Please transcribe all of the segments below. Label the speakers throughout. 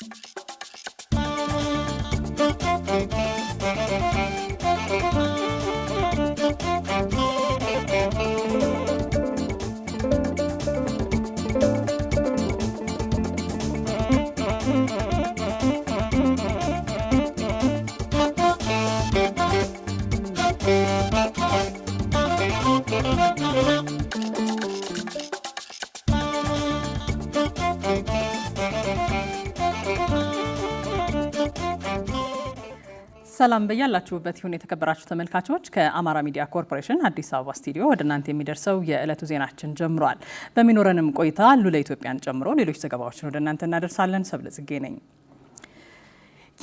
Speaker 1: you ሰላም በያላችሁበት ይሁን የተከበራችሁ ተመልካቾች። ከአማራ ሚዲያ ኮርፖሬሽን አዲስ አበባ ስቱዲዮ ወደ እናንተ የሚደርሰው የዕለቱ ዜናችን ጀምሯል። በሚኖረንም ቆይታ ሉለ ኢትዮጵያን ጨምሮ ሌሎች ዘገባዎችን ወደ እናንተ እናደርሳለን። ሰብለ ጽጌ ነኝ።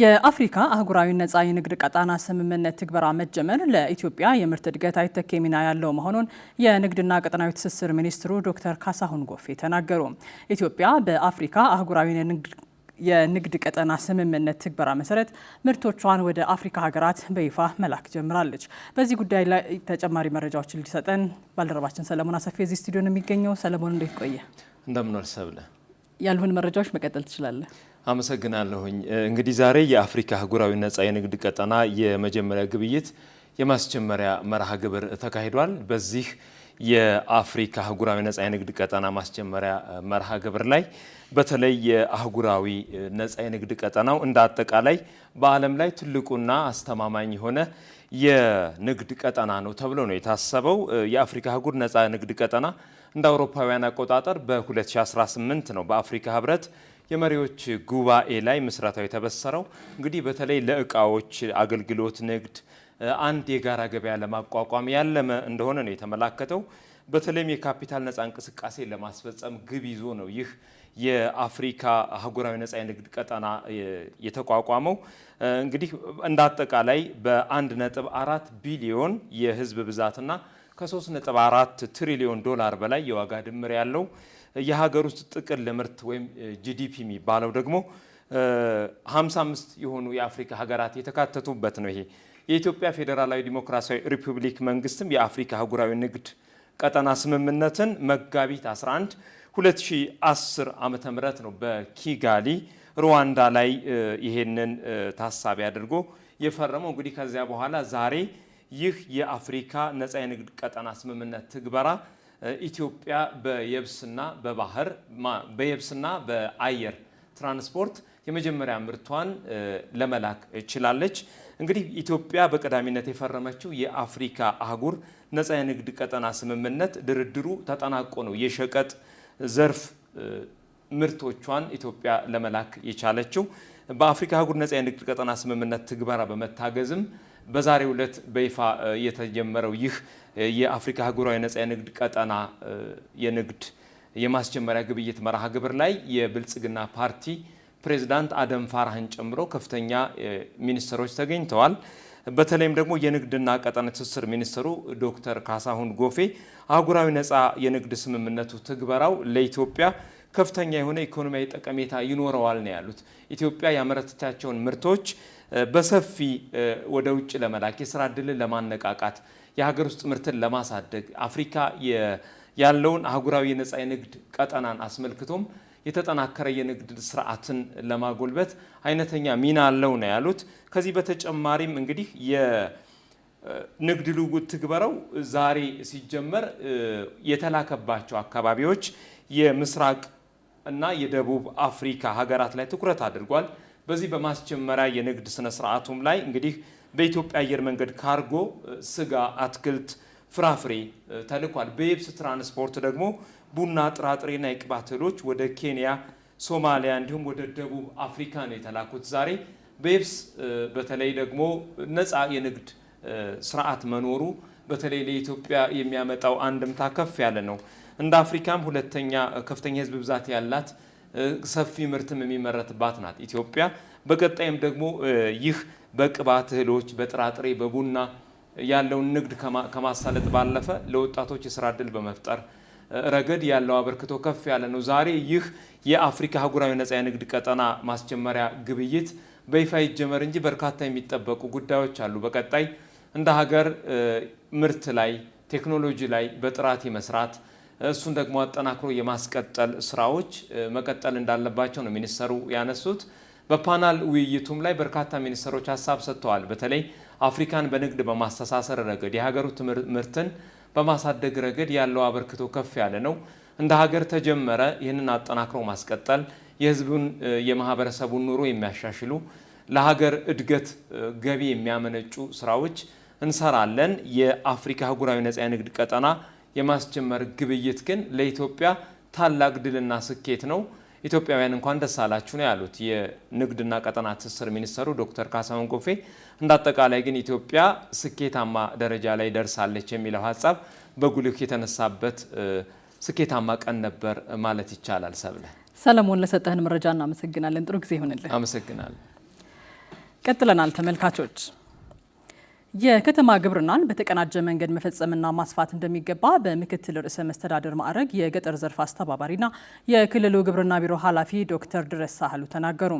Speaker 1: የአፍሪካ አህጉራዊ ነጻ የንግድ ቀጣና ስምምነት ትግበራ መጀመር ለኢትዮጵያ የምርት እድገት አይተኬ ሚና ያለው መሆኑን የንግድና ቀጠናዊ ትስስር ሚኒስትሩ ዶክተር ካሳሁን ጎፌ ተናገሩ። ኢትዮጵያ በአፍሪካ አህጉራዊ የንግድ ቀጠና ስምምነት ትግበራ መሰረት ምርቶቿን ወደ አፍሪካ ሀገራት በይፋ መላክ ጀምራለች። በዚህ ጉዳይ ላይ ተጨማሪ መረጃዎች ሊሰጠን ባልደረባችን ሰለሞን አሰፌ እዚህ ስቱዲዮ ነው የሚገኘው። ሰለሞን እንዴት ቆየ?
Speaker 2: እንደምናል ሰብለ፣
Speaker 1: ያሉን መረጃዎች መቀጠል ትችላለህ።
Speaker 2: አመሰግናለሁኝ። እንግዲህ ዛሬ የአፍሪካ አህጉራዊ ነጻ የንግድ ቀጠና የመጀመሪያ ግብይት የማስጀመሪያ መርሃ ግብር ተካሂዷል። በዚህ የአፍሪካ አህጉራዊ ነጻ የንግድ ቀጠና ማስጀመሪያ መርሃ ግብር ላይ በተለይ የአህጉራዊ ነጻ የንግድ ቀጠናው እንደ አጠቃላይ በዓለም ላይ ትልቁና አስተማማኝ የሆነ የንግድ ቀጠና ነው ተብሎ ነው የታሰበው። የአፍሪካ አህጉር ነጻ ንግድ ቀጠና እንደ አውሮፓውያን አቆጣጠር በ2018 ነው በአፍሪካ ህብረት የመሪዎች ጉባኤ ላይ ምስረታው የተበሰረው። እንግዲህ በተለይ ለእቃዎች አገልግሎት ንግድ አንድ የጋራ ገበያ ለማቋቋም ያለመ እንደሆነ ነው የተመላከተው። በተለይም የካፒታል ነፃ እንቅስቃሴ ለማስፈጸም ግብ ይዞ ነው ይህ የአፍሪካ አህጉራዊ ነፃ የንግድ ቀጠና የተቋቋመው። እንግዲህ እንደ አጠቃላይ በአንድ ነጥብ አራት ቢሊዮን የህዝብ ብዛትና ከ3.4 ትሪሊዮን ዶላር በላይ የዋጋ ድምር ያለው የሀገር ውስጥ ጥቅል ምርት ወይም ጂዲፒ የሚባለው ደግሞ 55 የሆኑ የአፍሪካ ሀገራት የተካተቱበት ነው ይሄ የኢትዮጵያ ፌዴራላዊ ዲሞክራሲያዊ ሪፑብሊክ መንግስትም የአፍሪካ አህጉራዊ ንግድ ቀጠና ስምምነትን መጋቢት 11 2010 ዓ ም ነው በኪጋሊ ሩዋንዳ ላይ ይሄንን ታሳቢ አድርጎ የፈረመው። እንግዲህ ከዚያ በኋላ ዛሬ ይህ የአፍሪካ ነፃ የንግድ ቀጠና ስምምነት ትግበራ ኢትዮጵያ በየብስና በባህር በየብስና በአየር ትራንስፖርት የመጀመሪያ ምርቷን ለመላክ ችላለች። እንግዲህ ኢትዮጵያ በቀዳሚነት የፈረመችው የአፍሪካ አህጉር ነፃ የንግድ ቀጠና ስምምነት ድርድሩ ተጠናቆ ነው የሸቀጥ ዘርፍ ምርቶቿን ኢትዮጵያ ለመላክ የቻለችው። በአፍሪካ አህጉር ነጻ የንግድ ቀጠና ስምምነት ትግበራ በመታገዝም በዛሬው ዕለት በይፋ የተጀመረው ይህ የአፍሪካ አህጉራዊ ነጻ የንግድ ቀጠና የንግድ የማስጀመሪያ ግብይት መርሃ ግብር ላይ የብልጽግና ፓርቲ ፕሬዚዳንት አደም ፋራህን ጨምሮ ከፍተኛ ሚኒስትሮች ተገኝተዋል። በተለይም ደግሞ የንግድና ቀጣናዊ ትስስር ሚኒስትሩ ዶክተር ካሳሁን ጎፌ አህጉራዊ ነፃ የንግድ ስምምነቱ ትግበራው ለኢትዮጵያ ከፍተኛ የሆነ ኢኮኖሚያዊ ጠቀሜታ ይኖረዋል ነው ያሉት። ኢትዮጵያ ያመረተቻቸውን ምርቶች በሰፊ ወደ ውጭ ለመላክ የስራ እድልን ለማነቃቃት የሀገር ውስጥ ምርትን ለማሳደግ አፍሪካ ያለውን አህጉራዊ የነፃ የንግድ ቀጠናን አስመልክቶም የተጠናከረ የንግድ ስርዓትን ለማጎልበት አይነተኛ ሚና አለው ነው ያሉት። ከዚህ በተጨማሪም እንግዲህ የንግድ ልውውጥ ትግበረው ዛሬ ሲጀመር የተላከባቸው አካባቢዎች የምስራቅ እና የደቡብ አፍሪካ ሀገራት ላይ ትኩረት አድርጓል። በዚህ በማስጀመሪያ የንግድ ስነ ስርዓቱም ላይ እንግዲህ በኢትዮጵያ አየር መንገድ ካርጎ ስጋ፣ አትክልት፣ ፍራፍሬ ተልኳል። በየብስ ትራንስፖርት ደግሞ ቡና፣ ጥራጥሬና የቅባት እህሎች ወደ ኬንያ፣ ሶማሊያ እንዲሁም ወደ ደቡብ አፍሪካ ነው የተላኩት። ዛሬ በየብስ በተለይ ደግሞ ነፃ የንግድ ስርዓት መኖሩ በተለይ ለኢትዮጵያ የሚያመጣው አንድምታ ከፍ ያለ ነው። እንደ አፍሪካም ሁለተኛ ከፍተኛ ህዝብ ብዛት ያላት ሰፊ ምርትም የሚመረትባት ናት ኢትዮጵያ። በቀጣይም ደግሞ ይህ በቅባት እህሎች፣ በጥራጥሬ፣ በቡና ያለውን ንግድ ከማሳለጥ ባለፈ ለወጣቶች የስራ እድል በመፍጠር ረገድ ያለው አበርክቶ ከፍ ያለ ነው። ዛሬ ይህ የአፍሪካ አህጉራዊ ነጻ የንግድ ቀጠና ማስጀመሪያ ግብይት በይፋ ይጀመር እንጂ በርካታ የሚጠበቁ ጉዳዮች አሉ። በቀጣይ እንደ ሀገር ምርት ላይ ቴክኖሎጂ ላይ በጥራት የመስራት እሱን ደግሞ አጠናክሮ የማስቀጠል ስራዎች መቀጠል እንዳለባቸው ነው ሚኒስተሩ ያነሱት። በፓናል ውይይቱም ላይ በርካታ ሚኒስተሮች ሀሳብ ሰጥተዋል። በተለይ አፍሪካን በንግድ በማስተሳሰር ረገድ የሀገሩ ምርትን በማሳደግ ረገድ ያለው አበርክቶ ከፍ ያለ ነው። እንደ ሀገር ተጀመረ፣ ይህንን አጠናክሮ ማስቀጠል የህዝቡን የማህበረሰቡን ኑሮ የሚያሻሽሉ ለሀገር እድገት ገቢ የሚያመነጩ ስራዎች እንሰራለን። የአፍሪካ አህጉራዊ ነጻ የንግድ ቀጠና የማስጀመር ግብይት ግን ለኢትዮጵያ ታላቅ ድልና ስኬት ነው። ኢትዮጵያውያን እንኳን ደስ አላችሁ ነው ያሉት የንግድና ቀጠና ትስስር ሚኒስተሩ ዶክተር ካሳሁን ጎፌ። እንዳጠቃላይ ግን ኢትዮጵያ ስኬታማ ደረጃ ላይ ደርሳለች የሚለው ሀሳብ በጉልህ የተነሳበት ስኬታማ ቀን ነበር ማለት ይቻላል። ሰብለ
Speaker 1: ሰለሞን፣ ለሰጠህን መረጃ እናመሰግናለን። ጥሩ ጊዜ ይሆንልን።
Speaker 2: አመሰግናለን።
Speaker 1: ቀጥለናል ተመልካቾች። የከተማ ግብርናን በተቀናጀ መንገድ መፈጸምና ማስፋት እንደሚገባ በምክትል ርዕሰ መስተዳደር ማዕረግ የገጠር ዘርፍ አስተባባሪና የክልሉ ግብርና ቢሮ ኃላፊ ዶክተር ድረስ ሳህሉ ተናገሩ።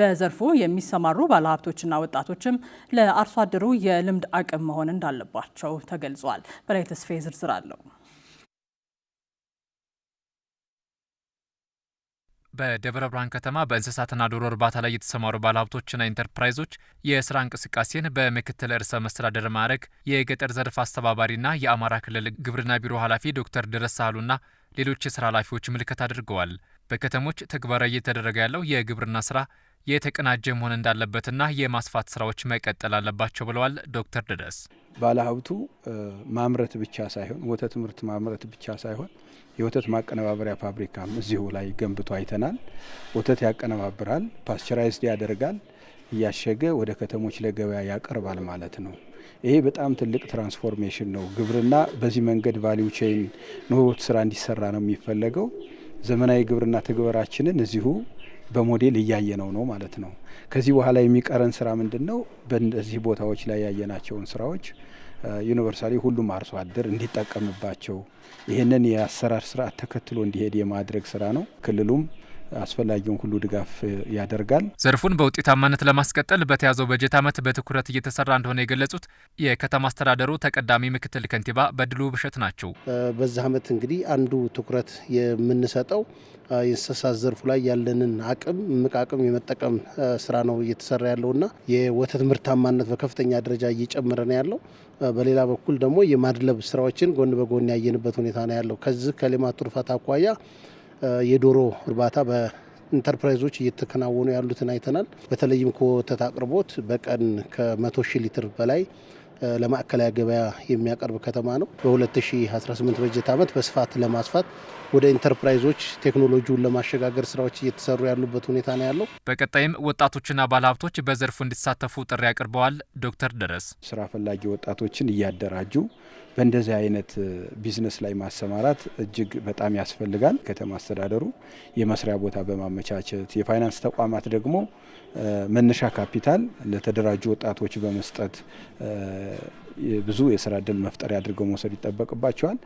Speaker 1: በዘርፉ የሚሰማሩ ባለሀብቶችና ወጣቶችም ለአርሶ አደሩ የልምድ አቅም መሆን እንዳለባቸው ተገልጿል። በላይ ተስፋዬ ዝርዝር አለው።
Speaker 3: በደብረ ብርሃን ከተማ በእንስሳትና ዶሮ እርባታ ላይ የተሰማሩ ባለሀብቶችና ኢንተርፕራይዞች የስራ እንቅስቃሴን በምክትል ርዕሰ መስተዳደር ማዕረግ የገጠር ዘርፍ አስተባባሪና የአማራ ክልል ግብርና ቢሮ ኃላፊ ዶክተር ድረስ ሳህሉና ሌሎች የስራ ኃላፊዎች ምልክት አድርገዋል። በከተሞች ተግባራዊ እየተደረገ ያለው የግብርና ስራ የተቀናጀ መሆን እንዳለበትና የማስፋት ስራዎች መቀጠል አለባቸው ብለዋል ዶክተር ድረስ።
Speaker 4: ባለሀብቱ ማምረት ብቻ ሳይሆን ወተት ምርት ማምረት ብቻ ሳይሆን የወተት ማቀነባበሪያ ፋብሪካም እዚሁ ላይ ገንብቶ አይተናል። ወተት ያቀነባብራል፣ ፓስቸራይዝድ ያደርጋል፣ እያሸገ ወደ ከተሞች ለገበያ ያቀርባል ማለት ነው። ይሄ በጣም ትልቅ ትራንስፎርሜሽን ነው። ግብርና በዚህ መንገድ ቫሊው ቼን ኖሮት ስራ እንዲሰራ ነው የሚፈለገው። ዘመናዊ ግብርና ትግበራችንን እዚሁ በሞዴል እያየነው ነው ማለት ነው። ከዚህ በኋላ የሚቀረን ስራ ምንድን ነው? በእነዚህ ቦታዎች ላይ ያየናቸውን ስራዎች ዩኒቨርሳሊ ሁሉም አርሶ አደር እንዲጠቀምባቸው ይህንን የአሰራር ስርዓት ተከትሎ እንዲሄድ የማድረግ ስራ ነው ክልሉም አስፈላጊውን ሁሉ ድጋፍ ያደርጋል።
Speaker 3: ዘርፉን በውጤታማነት ለማስቀጠል በተያዘው በጀት ዓመት በትኩረት እየተሰራ እንደሆነ የገለጹት የከተማ አስተዳደሩ ተቀዳሚ ምክትል ከንቲባ በድሉ ብሸት ናቸው።
Speaker 4: በዚህ ዓመት እንግዲህ አንዱ ትኩረት የምንሰጠው የእንስሳት ዘርፉ ላይ ያለንን አቅም እምቅ አቅም የመጠቀም ስራ ነው እየተሰራ ያለውና የወተት ምርታማነት በከፍተኛ ደረጃ እየጨመረ ነው ያለው። በሌላ በኩል ደግሞ የማድለብ ስራዎችን ጎን በጎን ያየንበት ሁኔታ ነው ያለው ከዚህ ከሌማት ቱርፋት አኳያ የዶሮ እርባታ በኢንተርፕራይዞች እየተከናወኑ ያሉትን አይተናል። በተለይም ከወተት አቅርቦት በቀን ከመቶ ሺህ ሊትር በላይ ለማዕከላዊ ገበያ የሚያቀርብ ከተማ ነው። በ2018 በጀት ዓመት በስፋት ለማስፋት ወደ ኢንተርፕራይዞች ቴክኖሎጂውን ለማሸጋገር ስራዎች እየተሰሩ ያሉበት ሁኔታ ነው ያለው።
Speaker 3: በቀጣይም ወጣቶችና ባለሀብቶች በዘርፉ እንዲሳተፉ ጥሪ አቅርበዋል ዶክተር ደረስ ስራ
Speaker 4: ፈላጊ ወጣቶችን እያደራጁ በእንደዚህ አይነት ቢዝነስ ላይ ማሰማራት እጅግ በጣም ያስፈልጋል። ከተማ አስተዳደሩ የመስሪያ ቦታ በማመቻቸት የፋይናንስ ተቋማት ደግሞ መነሻ ካፒታል ለተደራጁ ወጣቶች በመስጠት ብዙ የስራ እድል መፍጠር አድርገው መውሰድ ይጠበቅባቸዋል።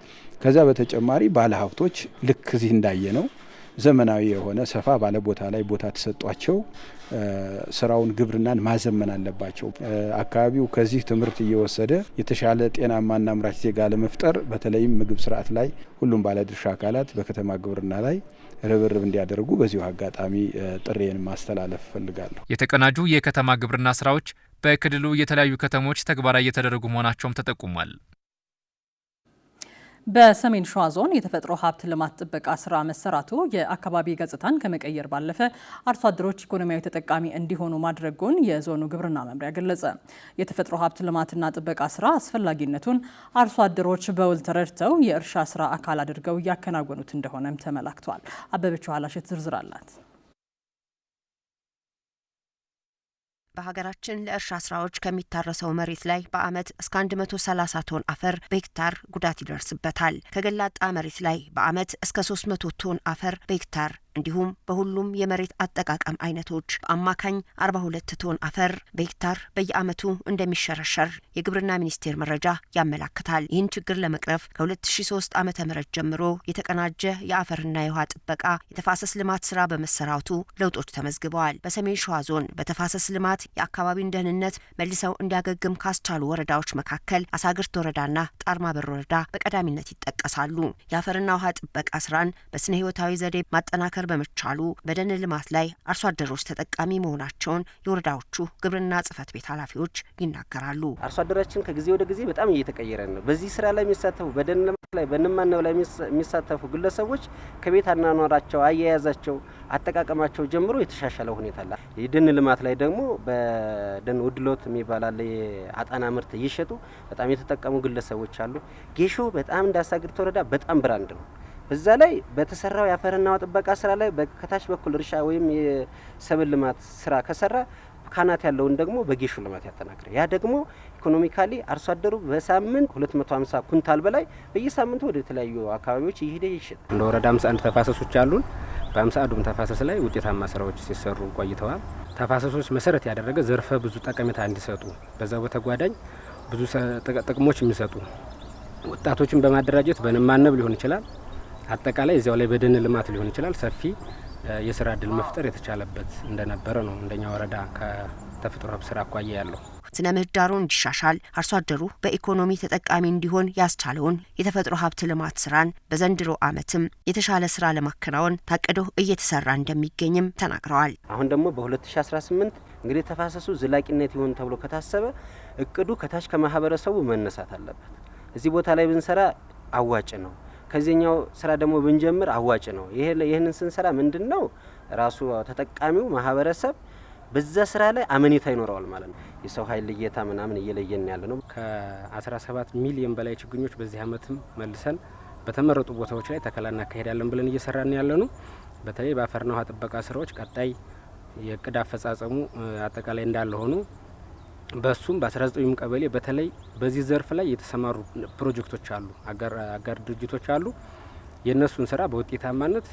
Speaker 4: ከዚያ በተጨማሪ ባለሀብቶች ልክ እዚህ እንዳየ ነው ዘመናዊ የሆነ ሰፋ ባለ ቦታ ላይ ቦታ ተሰጧቸው ስራውን ግብርናን ማዘመን አለባቸው። አካባቢው ከዚህ ትምህርት እየወሰደ የተሻለ ጤናማና አምራች ዜጋ ለመፍጠር በተለይም ምግብ ስርዓት ላይ ሁሉም ባለድርሻ አካላት በከተማ ግብርና ላይ ርብርብ እንዲያደርጉ በዚሁ አጋጣሚ ጥሬን ማስተላለፍ እፈልጋለሁ።
Speaker 3: የተቀናጁ የከተማ ግብርና ስራዎች በክልሉ የተለያዩ ከተሞች ተግባራዊ እየተደረጉ መሆናቸውም ተጠቁሟል።
Speaker 1: በሰሜን ሸዋ ዞን የተፈጥሮ ሀብት ልማት ጥበቃ ስራ መሰራቱ የአካባቢ ገጽታን ከመቀየር ባለፈ አርሶ አደሮች ኢኮኖሚያዊ ተጠቃሚ እንዲሆኑ ማድረጉን የዞኑ ግብርና መምሪያ ገለጸ። የተፈጥሮ ሀብት ልማትና ጥበቃ ስራ አስፈላጊነቱን አርሶ አደሮች በውል ተረድተው የእርሻ ስራ አካል አድርገው እያከናወኑት እንደሆነም ተመላክቷል። አበበች ኋላሸት ዝርዝር አላት። በሀገራችን ለእርሻ ስራዎች ከሚታረሰው መሬት ላይ በአመት እስከ 130 ቶን አፈር በሄክታር ጉዳት ይደርስበታል። ከገላጣ መሬት ላይ በአመት እስከ 300 ቶን አፈር በሄክታር እንዲሁም በሁሉም የመሬት አጠቃቀም አይነቶች በአማካኝ 42 ቶን አፈር በሄክታር በየዓመቱ እንደሚሸረሸር የግብርና ሚኒስቴር መረጃ ያመላክታል። ይህን ችግር ለመቅረፍ ከ2003 ዓ ም ጀምሮ የተቀናጀ የአፈርና የውሃ ጥበቃ የተፋሰስ ልማት ስራ በመሰራቱ ለውጦች ተመዝግበዋል። በሰሜን ሸዋ ዞን በተፋሰስ ልማት የአካባቢን ደህንነት መልሰው እንዲያገግም ካስቻሉ ወረዳዎች መካከል አሳግርት ወረዳና ጣርማ በር ወረዳ በቀዳሚነት ይጠቀሳሉ። የአፈርና ውሃ ጥበቃ ስራን በስነ ህይወታዊ ዘዴ ማጠናከር ማጠናከር በመቻሉ በደን ልማት ላይ አርሶ አደሮች ተጠቃሚ መሆናቸውን የወረዳዎቹ ግብርና ጽህፈት ቤት ኃላፊዎች ይናገራሉ። አርሶ
Speaker 5: አደራችን ከጊዜ ወደ ጊዜ በጣም እየተቀየረ ነው። በዚህ ስራ ላይ የሚሳተፉ በደን ልማት ላይ በንማነብ ላይ የሚሳተፉ ግለሰቦች ከቤት አናኗራቸው፣ አያያዛቸው፣ አጠቃቀማቸው ጀምሮ የተሻሻለ ሁኔታ ላ የደን ልማት ላይ ደግሞ በደን ውድሎት የሚባል የአጣና ምርት እየሸጡ በጣም የተጠቀሙ ግለሰቦች አሉ። ጌሾ በጣም እንዳሳግድ ተወረዳ በጣም ብራንድ ነው። በዛ ላይ በተሰራው የአፈርና ጥበቃ ስራ ላይ ከታች በኩል እርሻ ወይም የሰብል ልማት ስራ ከሰራ ካናት ያለውን ደግሞ በጌሾ ልማት ያጠናክረ። ያ ደግሞ ኢኮኖሚካሊ አርሶ አደሩ በሳምንት 250 ኩንታል በላይ በየሳምንቱ ወደ ተለያዩ አካባቢዎች እየሄደ ይሸጥ። እንደ
Speaker 6: ወረዳ 51 ተፋሰሶች አሉን። በአምሳ አንዱም ተፋሰስ ላይ ውጤታማ ስራዎች ሲሰሩ ቆይተዋል። ተፋሰሶች መሰረት ያደረገ ዘርፈ ብዙ ጠቀሜታ እንዲሰጡ በዛው በተጓዳኝ ብዙ ጥቅሞች የሚሰጡ ወጣቶችን በማደራጀት በንማነብ ሊሆን ይችላል አጠቃላይ እዚያው ላይ በደን ልማት ሊሆን ይችላል ሰፊ የስራ እድል መፍጠር የተቻለበት እንደነበረ ነው እንደኛ ወረዳ ከተፈጥሮ ሀብት ስራ አኳያ ያለው
Speaker 1: ስነ ምህዳሩ እንዲሻሻል አርሶ አደሩ በኢኮኖሚ ተጠቃሚ እንዲሆን ያስቻለውን የተፈጥሮ ሀብት ልማት ስራን በዘንድሮ ዓመትም የተሻለ ስራ ለማከናወን ታቅዶ እየተሰራ እንደሚገኝም ተናግረዋል።
Speaker 5: አሁን ደግሞ በ2018 እንግዲህ ተፋሰሱ ዘላቂነት ይሆን ተብሎ ከታሰበ እቅዱ ከታች ከማህበረሰቡ መነሳት አለበት። እዚህ ቦታ ላይ ብንሰራ አዋጭ ነው ከዚህኛው ስራ ደግሞ ብንጀምር አዋጭ ነው። ይህንን ስንሰራ ምንድን ነው ራሱ ተጠቃሚው ማህበረሰብ በዛ ስራ ላይ አመኔታ ይኖረዋል ማለት ነው። የሰው ኃይል ልየታ ምናምን እየለየን ያለ ነው።
Speaker 6: ከ17 ሚሊዮን በላይ ችግኞች በዚህ አመትም መልሰን በተመረጡ ቦታዎች ላይ ተከላ እናካሄዳለን ብለን እየሰራን ያለ ነው። በተለይ በአፈርና ውሃ ጥበቃ ስራዎች ቀጣይ የእቅድ አፈጻጸሙ አጠቃላይ እንዳለ ሆኖ በሱም በ 19 ቀበሌ በተለይ በዚህ ዘርፍ ላይ የተሰማሩ ፕሮጀክቶች አሉ፣ አጋር ድርጅቶች አሉ። የእነሱን ስራ በውጤታማነት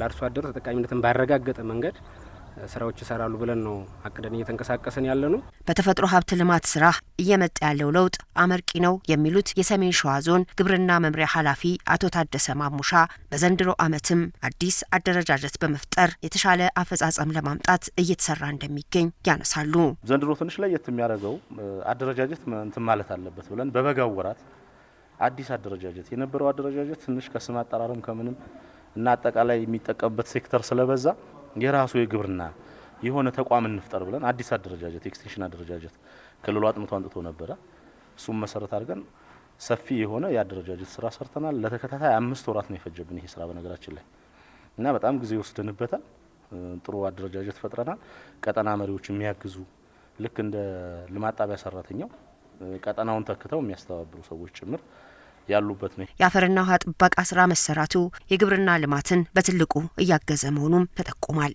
Speaker 6: ለአርሶ አደሩ ተጠቃሚነትን ባረጋገጠ መንገድ ስራዎች ይሰራሉ ብለን ነው አቅደን እየተንቀሳቀስን ያለ ነው።
Speaker 1: በተፈጥሮ ሀብት ልማት ስራ እየመጣ ያለው ለውጥ አመርቂ ነው የሚሉት የሰሜን ሸዋ ዞን ግብርና መምሪያ ኃላፊ አቶ ታደሰ ማሙሻ በዘንድሮ ዓመትም አዲስ አደረጃጀት በመፍጠር የተሻለ አፈጻጸም ለማምጣት እየተሰራ እንደሚገኝ ያነሳሉ።
Speaker 7: ዘንድሮ ትንሽ ለየት የሚያደርገው አደረጃጀት እንትን ማለት አለበት ብለን በበጋው ወራት አዲስ አደረጃጀት የነበረው አደረጃጀት ትንሽ ከስም አጠራርም ከምንም እና አጠቃላይ የሚጠቀምበት ሴክተር ስለበዛ የራሱ የግብርና የሆነ ተቋም እንፍጠር ብለን አዲስ አደረጃጀት ኤክስቴንሽን አደረጃጀት ክልሉ አጥንቶ አንጥቶ ነበረ። እሱም መሰረት አድርገን ሰፊ የሆነ የአደረጃጀት ስራ ሰርተናል። ለተከታታይ አምስት ወራት ነው የፈጀብን ይሄ ስራ በነገራችን ላይ እና በጣም ጊዜ ወስደንበታል። ጥሩ አደረጃጀት ፈጥረናል። ቀጠና መሪዎች የሚያግዙ ልክ እንደ ልማት ጣቢያ ሰራተኛው ቀጠናውን ተክተው የሚያስተባብሩ ሰዎች ጭምር ያሉበት ነው።
Speaker 1: የአፈርና ውሃ ጥበቃ ስራ መሰራቱ የግብርና ልማትን በትልቁ እያገዘ መሆኑም ተጠቁሟል።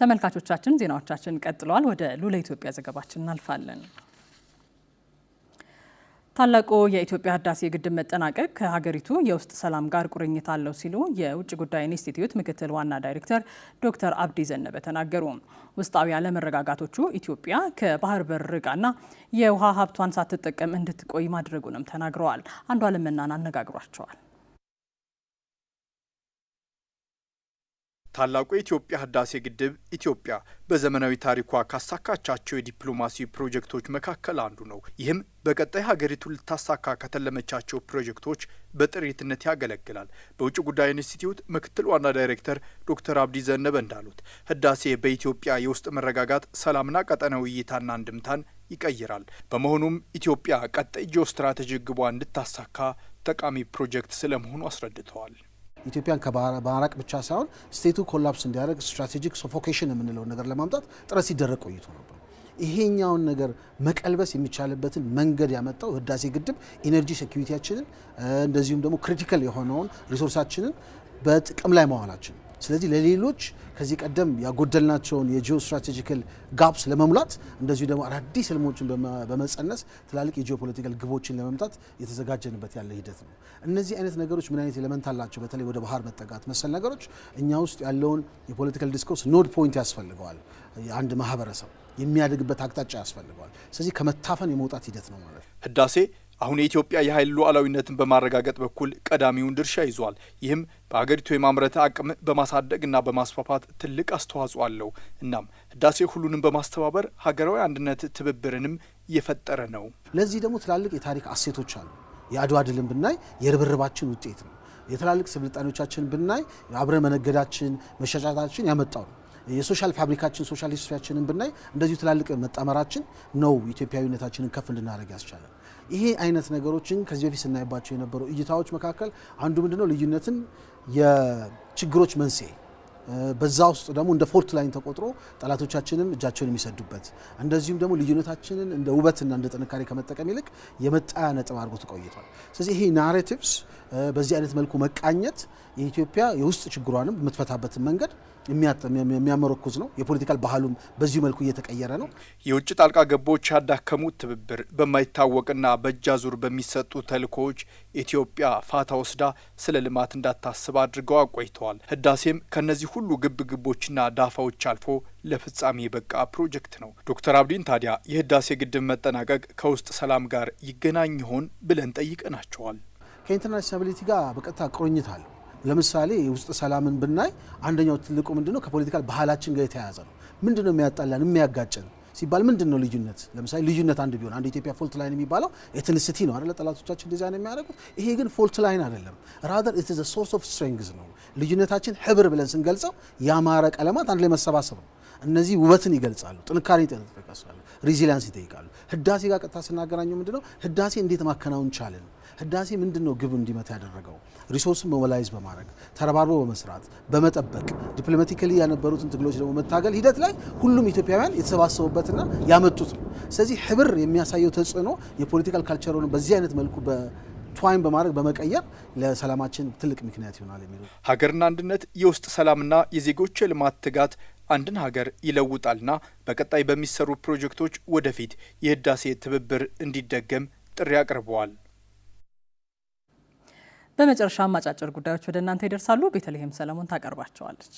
Speaker 1: ተመልካቾቻችን ዜናዎቻችን ቀጥለዋል። ወደ ሉለ ኢትዮጵያ ዘገባችን እናልፋለን። ታላቁ የኢትዮጵያ ህዳሴ ግድብ መጠናቀቅ ከሀገሪቱ የውስጥ ሰላም ጋር ቁርኝት አለው ሲሉ የውጭ ጉዳይ ኢንስቲትዩት ምክትል ዋና ዳይሬክተር ዶክተር አብዲ ዘነበ ተናገሩ። ውስጣዊ አለመረጋጋቶቹ ኢትዮጵያ ከባህር በር ርቃና የውሃ ሀብቷን ሳትጠቀም እንድትቆይ ማድረጉንም ተናግረዋል። አንዷ ለመናን አነጋግሯቸዋል።
Speaker 8: ታላቁ የኢትዮጵያ ህዳሴ ግድብ ኢትዮጵያ በዘመናዊ ታሪኳ ካሳካቻቸው የዲፕሎማሲ ፕሮጀክቶች መካከል አንዱ ነው። ይህም በቀጣይ ሀገሪቱ ልታሳካ ከተለመቻቸው ፕሮጀክቶች በጥሪትነት ያገለግላል። በውጭ ጉዳይ ኢንስቲትዩት ምክትል ዋና ዳይሬክተር ዶክተር አብዲ ዘነበ እንዳሉት ህዳሴ በኢትዮጵያ የውስጥ መረጋጋት፣ ሰላምና ቀጠናዊ እይታና እንድምታን ይቀይራል። በመሆኑም ኢትዮጵያ ቀጣይ ጂኦስትራቴጂክ ግቧ እንድታሳካ ጠቃሚ ፕሮጀክት ስለመሆኑ አስረድተዋል።
Speaker 9: ኢትዮጵያን ከማራቅ ብቻ ሳይሆን ስቴቱ ኮላፕስ እንዲያደርግ ስትራቴጂክ ሶፎኬሽን የምንለውን ነገር ለማምጣት ጥረት ሲደረግ ቆይቶ ነበር። ይሄኛውን ነገር መቀልበስ የሚቻልበትን መንገድ ያመጣው ህዳሴ ግድብ ኢነርጂ ሴኪሪቲያችንን እንደዚሁም ደግሞ ክሪቲካል የሆነውን ሪሶርሳችንን በጥቅም ላይ መዋላችን ስለዚህ ለሌሎች ከዚህ ቀደም ያጎደልናቸውን የጂኦ ስትራቴጂካል ጋፕስ ለመሙላት እንደዚሁ ደግሞ አዳዲስ ህልሞችን በመጸነስ ትላልቅ የጂኦ ፖለቲካል ግቦችን ለመምጣት የተዘጋጀንበት ያለ ሂደት ነው። እነዚህ አይነት ነገሮች ምን አይነት ኤሌመንት አላቸው? በተለይ ወደ ባህር መጠጋት መሰል ነገሮች እኛ ውስጥ ያለውን የፖለቲካል ዲስኮርስ ኖድ ፖይንት ያስፈልገዋል። አንድ ማህበረሰብ የሚያድግበት አቅጣጫ ያስፈልገዋል። ስለዚህ ከመታፈን የመውጣት ሂደት ነው ማለት ነው።
Speaker 10: ህዳሴ አሁን የኢትዮጵያ የኃይል ሉዓላዊነትን በማረጋገጥ በኩል ቀዳሚውን ድርሻ ይዟል። ይህም በአገሪቱ የማምረት አቅም በማሳደግና በማስፋፋት ትልቅ አስተዋጽኦ አለው። እናም ህዳሴ ሁሉንም በማስተባበር ሀገራዊ አንድነት ትብብርንም እየፈጠረ ነው።
Speaker 9: ለዚህ ደግሞ ትላልቅ የታሪክ አሴቶች አሉ። የአድዋ ድልን ብናይ የርብርባችን ውጤት ነው። የትላልቅ ስልጣኔዎቻችን ብናይ አብረ መነገዳችን፣ መሻጫታችን ያመጣው ነው። የሶሻል ፋብሪካችን ሶሻል ሂስትሪያችንን ብናይ እንደዚሁ ትላልቅ መጣመራችን ነው ኢትዮጵያዊነታችንን ከፍ እንድናደርግ ያስቻላል። ይሄ አይነት ነገሮችን ከዚህ በፊት ስናይባቸው የነበሩ እይታዎች መካከል አንዱ ምንድነው ልዩነትን የችግሮች መንስኤ በዛ ውስጥ ደግሞ እንደ ፎልት ላይን ተቆጥሮ ጠላቶቻችንም እጃቸውን የሚሰዱበት እንደዚሁም ደግሞ ልዩነታችንን እንደ ውበትና እንደ ጥንካሬ ከመጠቀም ይልቅ የመጣያ ነጥብ አድርጎ ተቆይቷል። ስለዚህ ይሄ ናሬቲቭስ በዚህ አይነት መልኩ መቃኘት የኢትዮጵያ የውስጥ ችግሯንም የምትፈታበትን መንገድ የሚያመረኩዝ ነው። የፖለቲካል ባህሉም በዚሁ መልኩ እየተቀየረ ነው።
Speaker 10: የውጭ ጣልቃ ገቦች ያዳከሙት ትብብር በማይታወቅና በእጃ ዙር በሚሰጡ ተልእኮዎች ኢትዮጵያ ፋታ ወስዳ ስለ ልማት እንዳታስብ አድርገው አቆይተዋል። ህዳሴም ከእነዚህ ሁሉ ግብ ግቦችና ዳፋዎች አልፎ ለፍጻሜ የበቃ ፕሮጀክት ነው። ዶክተር አብዲን ታዲያ የህዳሴ ግድብ መጠናቀቅ ከውስጥ ሰላም ጋር ይገናኝ ይሆን ብለን ጠይቀናቸዋል።
Speaker 9: ከኢንተርናሽናሊቲ ጋር በቀጥታ ቁርኝት አለው። ለምሳሌ የውስጥ ሰላምን ብናይ አንደኛው ትልቁ ምንድነው ከፖለቲካል ባህላችን ጋር የተያያዘ ነው። ምንድነው የሚያጣላን የሚያጋጨን ሲባል ምንድን ነው ልዩነት? ለምሳሌ ልዩነት አንድ ቢሆን አንድ ኢትዮጵያ ፎልት ላይን የሚባለው ኤትኒሲቲ ነው አይደለ? ጠላቶቻችን ዲዛይን የሚያደርጉት ይሄ ግን ፎልት ላይን አይደለም፣ ራር ኢት ኢዝ ሶርስ ኦፍ ስትሬንግዝ ነው። ልዩነታችን ህብር ብለን ስንገልጸው ያማረ ቀለማት አንድ ላይ መሰባሰብ ነው። እነዚህ ውበትን ይገልጻሉ፣ ጥንካሬ ይጠይቃሉ፣ ሪዚሊያንስ ይጠይቃሉ። ህዳሴ ጋር ቀጥታ ስናገናኘው ምንድነው ህዳሴ እንዴት ማከናወን ቻለን ህዳሴ ምንድን ነው ግብ እንዲመታ ያደረገው? ሪሶርስን ሞባላይዝ በማድረግ ተረባርቦ በመስራት በመጠበቅ ዲፕሎማቲካሊ ያነበሩትን ትግሎች ደግሞ መታገል ሂደት ላይ ሁሉም ኢትዮጵያውያን የተሰባሰቡበትና ያመጡት ነው። ስለዚህ ህብር የሚያሳየው ተጽዕኖ የፖለቲካል ካልቸሩን በዚህ አይነት መልኩ ቷይን በማድረግ በመቀየር ለሰላማችን ትልቅ ምክንያት ይሆናል የሚሉ
Speaker 10: ሀገርና አንድነት የውስጥ ሰላምና የዜጎች የልማት ትጋት አንድን ሀገር ይለውጣልና በቀጣይ በሚሰሩ ፕሮጀክቶች ወደፊት የህዳሴ ትብብር እንዲደገም ጥሪ አቅርበዋል።
Speaker 1: በመጨረሻም አጫጭር ጉዳዮች ወደ እናንተ ይደርሳሉ። ቤተልሔም ሰለሞን ታቀርባቸዋለች።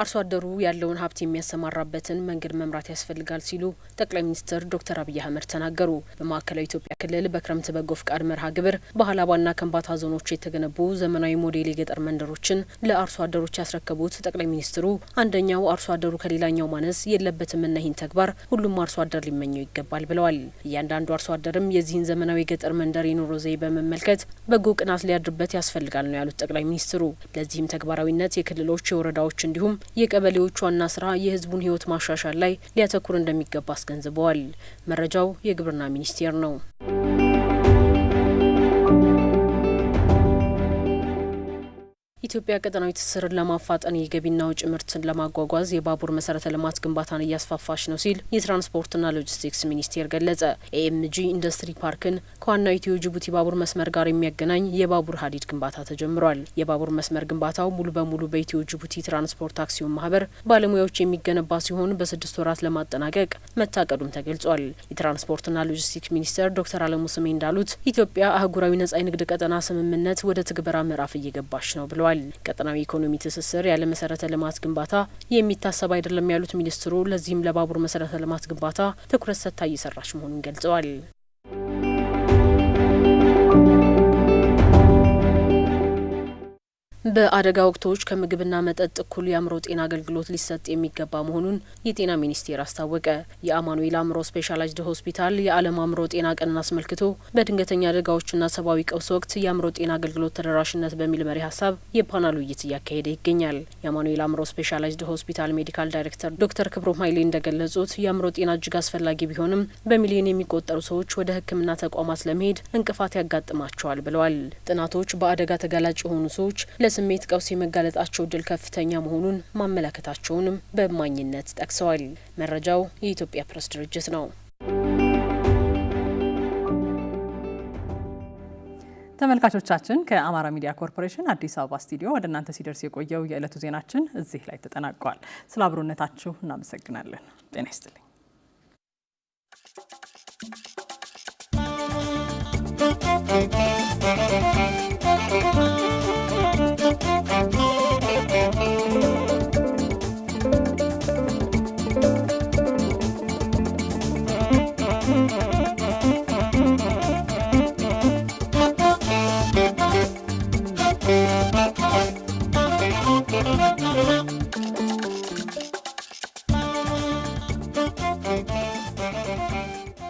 Speaker 1: አርሶ አደሩ ያለውን ሀብት የሚያሰማራበትን መንገድ መምራት ያስፈልጋል ሲሉ ጠቅላይ ሚኒስትር ዶክተር አብይ አህመድ ተናገሩ። በማዕከላዊ ኢትዮጵያ ክልል በክረምት በጎ ፍቃድ መርሃ ግብር በሀላባና ከንባታ ዞኖች የተገነቡ ዘመናዊ ሞዴል የገጠር መንደሮችን ለአርሶ አደሮች ያስረከቡት ጠቅላይ ሚኒስትሩ አንደኛው አርሶ አደሩ ከሌላኛው ማነስ የለበትምና ይህን ተግባር ሁሉም አርሶ አደር ሊመኘው ይገባል ብለዋል። እያንዳንዱ አርሶ አደርም የዚህን ዘመናዊ የገጠር መንደር የኑሮ ዘይ በመመልከት በጎ ቅናት ሊያድርበት ያስፈልጋል ነው ያሉት ጠቅላይ ሚኒስትሩ። ለዚህም ተግባራዊነት የክልሎች የወረዳዎች እንዲሁም የቀበሌዎች ዋና ስራ የህዝቡን ህይወት ማሻሻል ላይ ሊያተኩር እንደሚገባ አስገንዝበዋል። መረጃው የግብርና ሚኒስቴር ነው። ኢትዮጵያ ቀጠናዊ ትስስርን ለማፋጠን የገቢና ውጭ ምርትን ለማጓጓዝ የባቡር መሰረተ ልማት ግንባታን እያስፋፋች ነው ሲል የትራንስፖርትና ሎጂስቲክስ ሚኒስቴር ገለጸ። ኤኤምጂ ኢንዱስትሪ ፓርክን ከዋናው ኢትዮ ጅቡቲ ባቡር መስመር ጋር የሚያገናኝ የባቡር ሀዲድ ግንባታ ተጀምሯል። የባቡር መስመር ግንባታው ሙሉ በሙሉ በኢትዮ ጅቡቲ ትራንስፖርት አክሲዮን ማህበር ባለሙያዎች የሚገነባ ሲሆን በስድስት ወራት ለማጠናቀቅ መታቀዱም ተገልጿል። የትራንስፖርትና ሎጂስቲክስ ሚኒስቴር ዶክተር አለሙ ስሜ እንዳሉት ኢትዮጵያ አህጉራዊ ነጻ የንግድ ቀጠና ስምምነት ወደ ትግበራ ምዕራፍ እየገባች ነው ብለዋል። ተናግረዋል። ቀጠናዊ ኢኮኖሚ ትስስር ያለ መሰረተ ልማት ግንባታ የሚታሰብ አይደለም ያሉት ሚኒስትሩ ለዚህም ለባቡር መሰረተ ልማት ግንባታ ትኩረት ሰጥታ እየሰራች መሆኑን ገልጸዋል። በአደጋ ወቅቶች ከምግብና መጠጥ እኩል የአእምሮ ጤና አገልግሎት ሊሰጥ የሚገባ መሆኑን የጤና ሚኒስቴር አስታወቀ። የአማኑኤል አእምሮ ስፔሻላይዝድ ሆስፒታል የዓለም አእምሮ ጤና ቀንን አስመልክቶ በድንገተኛ አደጋዎችና ሰብአዊ ቀውስ ወቅት የአእምሮ ጤና አገልግሎት ተደራሽነት በሚል መሪ ሀሳብ የፓናል ውይይት እያካሄደ ይገኛል። የአማኑኤል አእምሮ ስፔሻላይዝድ ሆስፒታል ሜዲካል ዳይሬክተር ዶክተር ክብሮ ማይሌ እንደገለጹት የአእምሮ ጤና እጅግ አስፈላጊ ቢሆንም በሚሊዮን የሚቆጠሩ ሰዎች ወደ ሕክምና ተቋማት ለመሄድ እንቅፋት ያጋጥማቸዋል ብለዋል። ጥናቶች በአደጋ ተጋላጭ የሆኑ ሰዎች ለስሜት ቀውስ የመጋለጣቸው እድል ከፍተኛ መሆኑን ማመላከታቸውንም በእማኝነት ጠቅሰዋል። መረጃው የኢትዮጵያ ፕሬስ ድርጅት ነው። ተመልካቾቻችን ከአማራ ሚዲያ ኮርፖሬሽን አዲስ አበባ ስቱዲዮ ወደ እናንተ ሲደርስ የቆየው የዕለቱ ዜናችን እዚህ ላይ ተጠናቋል። ስለ አብሮነታችሁ እናመሰግናለን። ጤና ይስጥልኝ።